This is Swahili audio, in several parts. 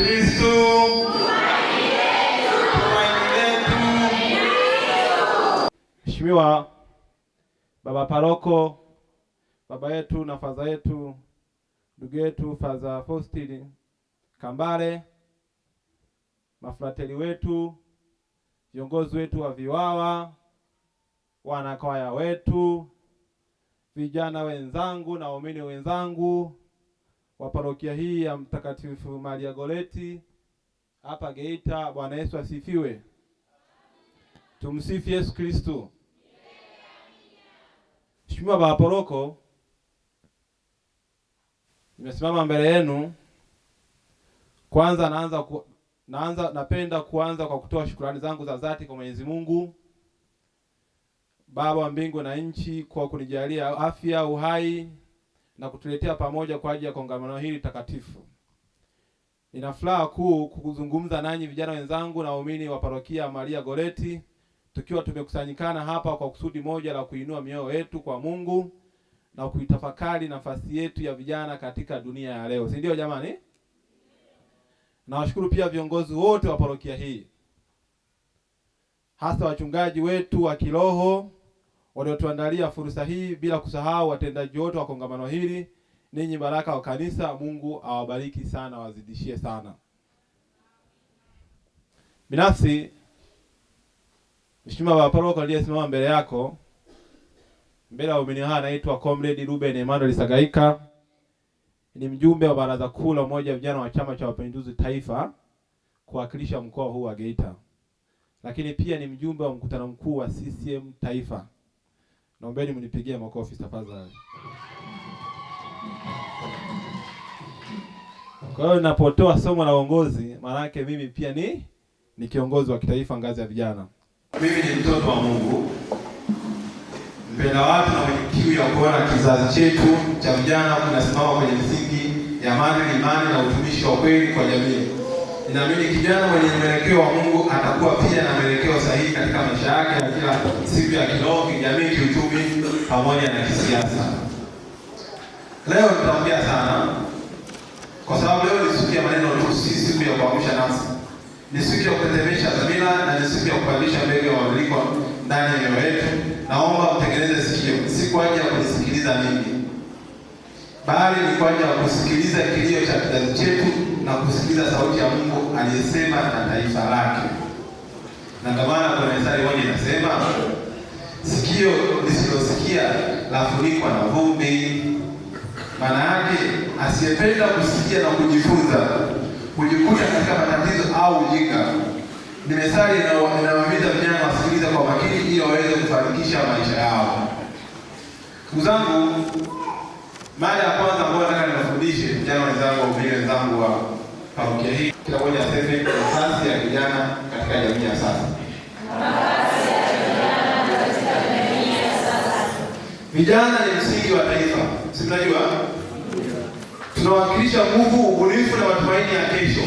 Kristu Mheshimiwa Baba Paroko, baba yetu na faza yetu, ndugu yetu Faza Faustini Kambale, mafrateli wetu, viongozi wetu wa VIWAWA, wanakwaya wetu, vijana wenzangu na waumini wenzangu wa parokia hii ya Mtakatifu Maria Goreti hapa Geita. Bwana Yesu asifiwe. Tumsifu Yesu Kristo. Mheshimiwa Baba Paroko, nimesimama mbele yenu. Kwanza naanza ku, naanza napenda kuanza kwa kutoa shukrani zangu za dhati kwa Mwenyezi Mungu Baba wa mbingu na nchi kwa kunijalia afya, uhai na kutuletea pamoja kwa ajili ya kongamano hili takatifu. Nina furaha kuu kuzungumza nanyi vijana wenzangu na waumini wa parokia Maria Goreti tukiwa tumekusanyikana hapa kwa kusudi moja la kuinua mioyo yetu kwa Mungu na kuitafakari nafasi yetu ya vijana katika dunia ya leo, si ndio jamani? Nawashukuru pia viongozi wote wa parokia hii, hasa wachungaji wetu wa kiroho waliotuandalia fursa hii, bila kusahau watendaji wote wa kongamano hili. Ninyi baraka wa kanisa, Mungu awabariki sana, wazidishie sana. Binafsi Mheshimiwa Baba Paroko aliyesimama mbele yako mbele ya waumini hawa anaitwa Comrade Ruben Emmanuel Sagaika, ni mjumbe wa baraza kuu la umoja vijana wa Chama cha Mapinduzi Taifa kuwakilisha mkoa huu wa Geita, lakini pia ni mjumbe wa mkutano mkuu wa CCM Taifa. Naombeni mnipigie makofi tafadhali. Kwa hiyo ninapotoa somo la uongozi, maana yake mimi pia ni ni kiongozi wa kitaifa ngazi ya vijana. Mimi ni mtoto wa Mungu, mpenda watu na mwenye kiu ya kuona kizazi chetu cha vijana kinasimama kwenye misingi ya maadili, imani na utumishi wa kweli kwa jamii. Ninaamini kijana mwenye mwelekeo wa Mungu atakuwa pia na mwelekeo sahihi katika maisha yake na kila siku ya kiroho, kijamii, kiuchumi pamoja na kisiasa. Leo nitaongea sana kwa sababu leo ni siku ya maneno tu, si siku ya kuamsha nafsi, ni siku ya kutetemesha dhamira na ni siku ya kupandisha mbegu ya mabadiliko ndani ya mioyo yetu. Naomba mtengeneze sikio, si kwa ajili ya kunisikiliza mimi, bali ni kwa ajili ya kusikiliza kilio cha kizazi chetu na kusikiliza sauti ya Mungu aliyesema na taifa lake. Na ndio maana kuna mstari moja inasema, sikio lisilosikia lafunikwa na vumbi. Maana yake asiyependa kusikia na kujifunza kujikuta katika matatizo au ujinga. Ni methali inawahimiza vijana wasikiliza kwa makini ili waweze kufanikisha maisha yao. Ndugu zangu, mada ya kwanza ambayo niwakaribishe vijana wenzangu, waumini wenzangu wa parokia hii, kila mmoja aseme nafasi ya vijana katika jamii ya sasa. Vijana ni msingi wa taifa, si mnajua? Tunawakilisha nguvu, ubunifu na matumaini ya kesho.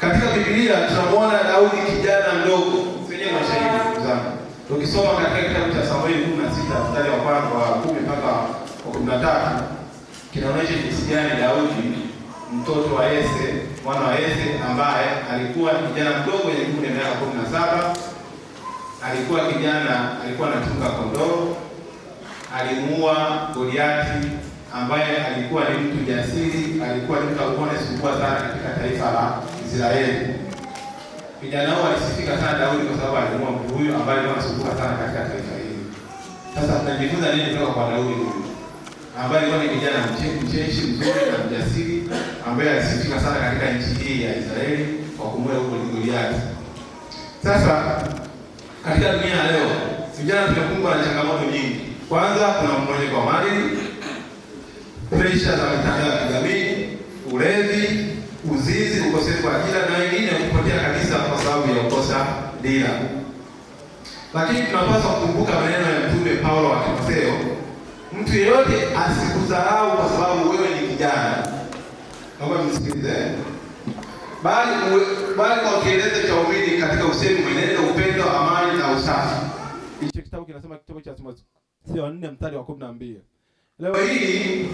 Katika Biblia tunamwona Daudi kijana mdogo, kwenye mashahidi zangu, Ukisoma katika kitabu cha Samueli 16 mstari wa kwanza wa 10 mpaka wa 13 kinaonyesha jinsi gani Daudi mtoto wa Yese mwana wa Yese ambaye alikuwa kijana mdogo mwenye umri wa miaka kumi na saba alikuwa kijana, alikuwa anachunga kondoo. Alimuua Goliati ambaye alikuwa ni mtu jasiri, alikuwa ni mtu alikuwa anasukua sana katika taifa la Israeli. kijana huo alisifika sana Daudi kwa sababu alimuua mtu huyu ambaye alikuwa anasukua sana katika taifa hili. Sasa tunajifunza nini kutoka kwa Daudi huyu? ambaye alikuwa ni kijana mcheshi mzuri na mjasiri ambaye alisifika sana katika nchi hii ya Israeli kwa kumua huko Goliathi. Sasa katika dunia ya leo vijana tumekumbwa na changamoto nyingi. Kwanza kuna mmonyeko wa maadili, presha za mitandao ya kijamii, ulevi, uzinzi, ukosefu wa ajira na wengine kupotea kabisa kwa sababu ya kukosa dira. Lakini tunapaswa kukumbuka maneno ya Mtume Paulo wa Timotheo Mtu yeyote asikudharau kwa sababu wewe ni kijana, naomba msikilize, bali bali kwa kielelezo cha umini katika usemi, mwenendo, upendo, amani na usafi. Hicho kitabu kinasema kitabu cha Timotheo 4 mstari wa 12. Leo hii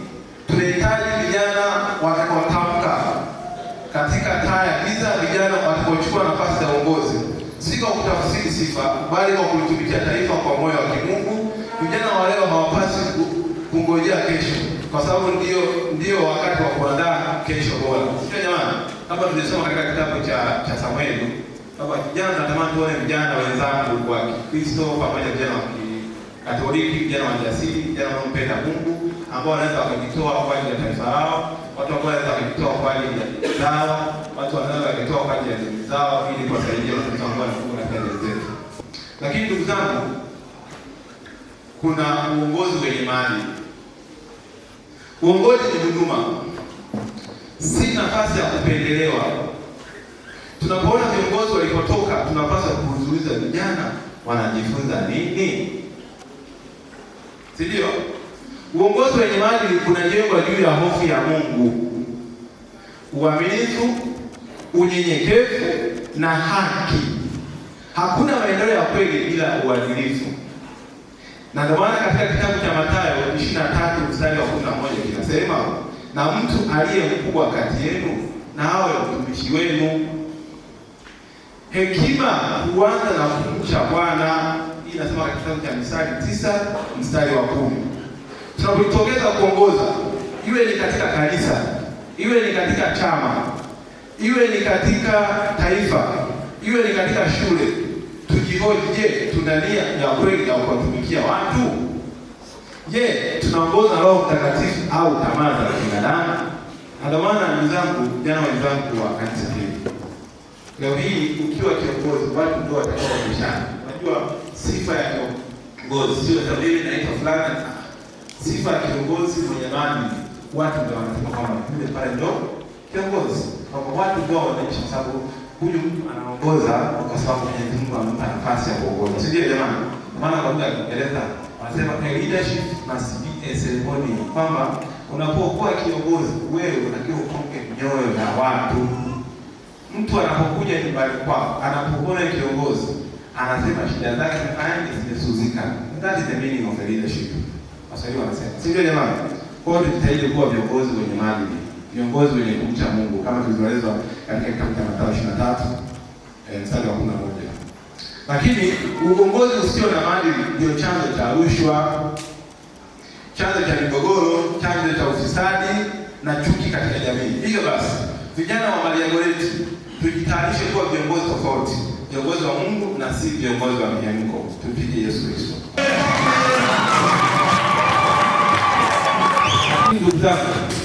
tunahitaji vijana watakaotamka katika taa ya giza, vijana watakaochukua nafasi ya uongozi, si kwa kutafsiri sifa, bali kwa kulitumikia taifa kwa moyo wa kimungu. Vijana wa leo hawapasi kuongea kesho, kwa sababu ndio ndio wakati wa kuandaa kesho bora. Sio jamani, kama tulisoma katika kitabu cha cha Samueli kwamba kijana natamani tuone vijana wenzangu wa Kikristo pamoja vijana wa Kikatoliki, vijana wa wajasiri, vijana wanaompenda Mungu, ambao wanaweza wakajitoa kwa ajili ya taifa lao, watu ambao wanaweza wakajitoa kwa ajili ya dawa, watu wanaweza wakajitoa kwa ajili ya jamii zao, ili kuwasaidia watu ambao wanakuwa na kazi zetu. Lakini ndugu zangu, kuna uongozi wenye maadili Uongozi ni huduma, si nafasi ya kupendelewa. Tunapoona viongozi walipotoka, tunapaswa kujiuliza, vijana wanajifunza nini? Si ndio? Uongozi wenye maadili kunajengwa juu ya hofu ya Mungu, uaminifu, unyenyekevu na haki. Hakuna maendeleo ya kweli bila uadilifu. Na ndio maana katika kitabu cha Mathayo 23 mstari wa 11 kinasema, na mtu aliye mkubwa kati yenu na awe mtumishi wenu. Hekima huanza na kumcha Bwana. Hii inasema katika kitabu cha Misali 9 mstari wa 10. Tunapotokeza kuongoza, iwe ni katika kanisa, iwe ni katika chama, iwe ni katika taifa, iwe ni katika shule tukihoji, je, tuna nia ya kweli ya kuwatumikia watu? Je, tunaongoza Roho Mtakatifu au tamaa za kibinadamu? Ndio maana ndugu zangu, jana wenzangu wa kanisa hili, leo hii ukiwa kiongozi, watu ndio kushana. Unajua sifa ya kiongozi sio tabiri naitwa fulani. Sifa ya kiongozi mwenye maana, watu ndio wanasema kwamba yule pale ndio kiongozi, kwa watu ndio wanaishi sababu huyu mtu anaongoza kwa sababu Mwenyezi Mungu amempa nafasi ya kuongoza, si ndio jamani? Maana kwa lugha ya Kiingereza wanasema leadership must be a ceremony, kwamba unapokuwa kiongozi wewe unatakiwa utoke mioyo ya watu. Mtu anapokuja nyumbani kwako, anapokuona kiongozi, anasema shida zake tayari zimesuzika. That is the meaning of the leadership, waswahili wanasema, si ndio jamani? Kwa hiyo tujitahidi kuwa viongozi wenye maadili viongozi wenye kumcha Mungu kama tulivyoelezwa katika kitabu cha Mathayo 23 eh, mstari wa 11. Lakini uongozi usio na maadili ndio chanzo cha rushwa, chanzo cha migogoro, chanzo cha ufisadi na chuki katika jamii. Hivyo basi, vijana wa Maria Goretti tujitayarishe kuwa viongozi tofauti, viongozi wa Mungu na si viongozi wa miamko. Tupige Yesu Kristo. Ndugu zangu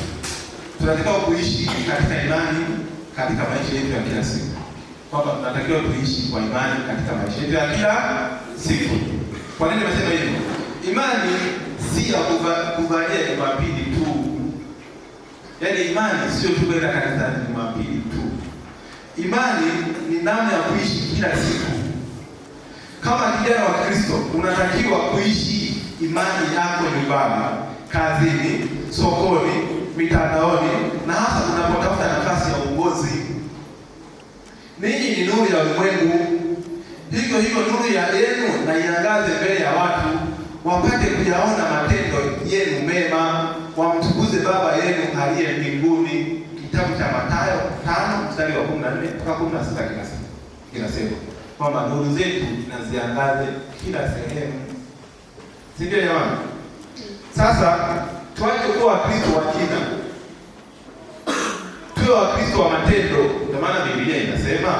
tunatakiwa kuishi katika imani katika maisha yetu ya kila siku, kwamba tunatakiwa kuishi kwa imani katika maisha yetu ya kila siku. Kwa nini nimesema hivyo? Imani si ya kuvalia Jumapili tu, yaani imani sio tu kwenda kanisani Jumapili tu. Imani ni namna ya kuishi kila siku. Kama kijana wa Kristo unatakiwa kuishi imani yako nyumbani, kazini, sokoni mitandaoni na hasa tunapotafuta nafasi ya uongozi. Ninyi ni nuru ya ulimwengu, hivyo hivyo nuru ya yenu na iangaze mbele ya watu, wapate kuyaona matendo yenu mema, wamtukuze Baba yenu aliye mbinguni. Kitabu cha Mathayo tano mstari wa 14 mpaka 16 kinasema kwamba nuru zetu naziangaze kila sehemu, si ndio jamani? Sasa tuache kuwa Wakristo wa China tukiwa Wakristo wa matendo, ndio maana Biblia inasema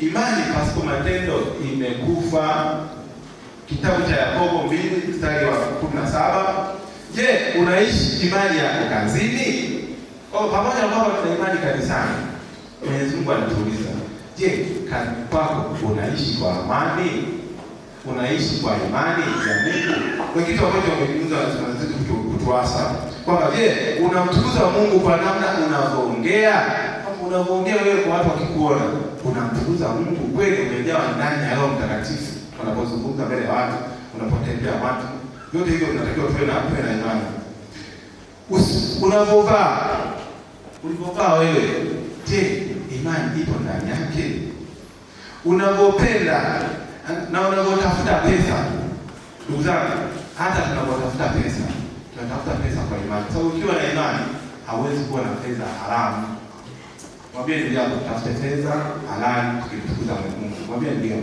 imani pasipo matendo imekufa. Kitabu cha Yakobo mbili mstari wa kumi na saba. Je, unaishi imani yako kazini? Oh, pamoja na kwamba tuna imani kanisani, Mwenyezi Mungu anatuuliza, je, kwako unaishi kwa amani? Unaishi kwa imani ya Mungu? Wengine wamoja wamejifunza wanazetu kutuasa kwamba je, unamtukuza Mungu kwa namna unavyoongea? Kama unavyoongea wewe kwa watu wakikuona, unamtukuza Mungu kweli? Umejawa ndani ya Roho Mtakatifu unapozungumza mbele ya watu, unapotembea watu, yote hiyo unatakiwa tuwe na tuwe na imani. Unavovaa, ulivovaa wewe, je, imani ipo ndani yake? Unavopenda na unavotafuta pesa, ndugu zangu, hata tunavotafuta pesa tunatafuta pesa kwa imani, kwa sababu ukiwa na imani hauwezi kuwa na fedha haramu. Mwambie ndugu yako tutafute fedha halali tukimtukuza Mungu. Mwambie ndio